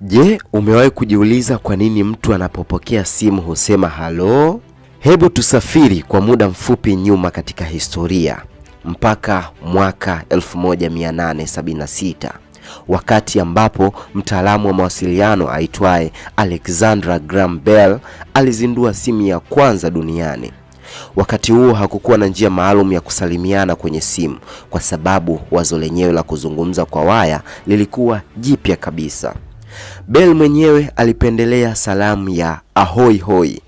Je, umewahi kujiuliza kwa nini mtu anapopokea simu husema halo? Hebu tusafiri kwa muda mfupi nyuma katika historia mpaka mwaka 1876 wakati ambapo mtaalamu wa mawasiliano aitwaye alexandra Graham Bell alizindua simu ya kwanza duniani. Wakati huo hakukuwa na njia maalum ya kusalimiana kwenye simu kwa sababu wazo lenyewe la kuzungumza kwa waya lilikuwa jipya kabisa. Bell mwenyewe alipendelea salamu ya ahoi hoi,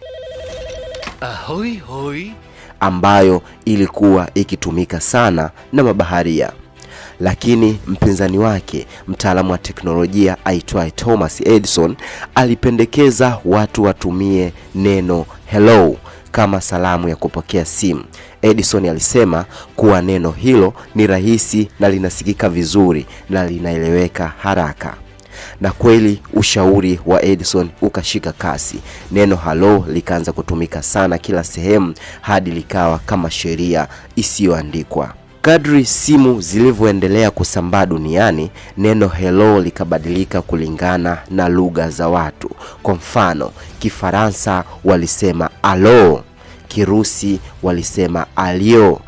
ahoi hoi ambayo ilikuwa ikitumika sana na mabaharia, lakini mpinzani wake mtaalamu wa teknolojia aitwaye Thomas Edison alipendekeza watu watumie neno hello kama salamu ya kupokea simu. Edison alisema kuwa neno hilo ni rahisi na linasikika vizuri na linaeleweka haraka na kweli ushauri wa Edison ukashika kasi. Neno halo likaanza kutumika sana kila sehemu hadi likawa kama sheria isiyoandikwa. Kadri simu zilivyoendelea kusambaa duniani, neno hello likabadilika kulingana na lugha za watu. Kwa mfano, Kifaransa walisema alo, Kirusi walisema alio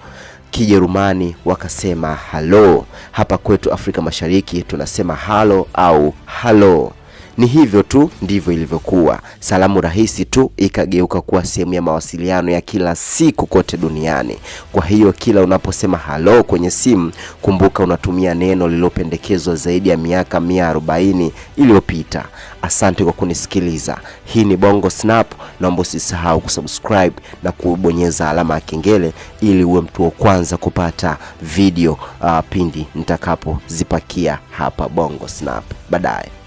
Kijerumani wakasema halo. Hapa kwetu Afrika Mashariki tunasema halo au halo. Ni hivyo tu ndivyo ilivyokuwa. Salamu rahisi tu ikageuka kuwa sehemu ya mawasiliano ya kila siku kote duniani. Kwa hiyo kila unaposema halo kwenye simu, kumbuka unatumia neno lililopendekezwa zaidi ya miaka 140 iliyopita. Asante kwa kunisikiliza. Hii ni Bongo Snap. Naomba usisahau kusubscribe na kubonyeza alama ya kengele ili uwe mtu wa kwanza kupata video uh, pindi nitakapozipakia hapa Bongo Snap baadaye.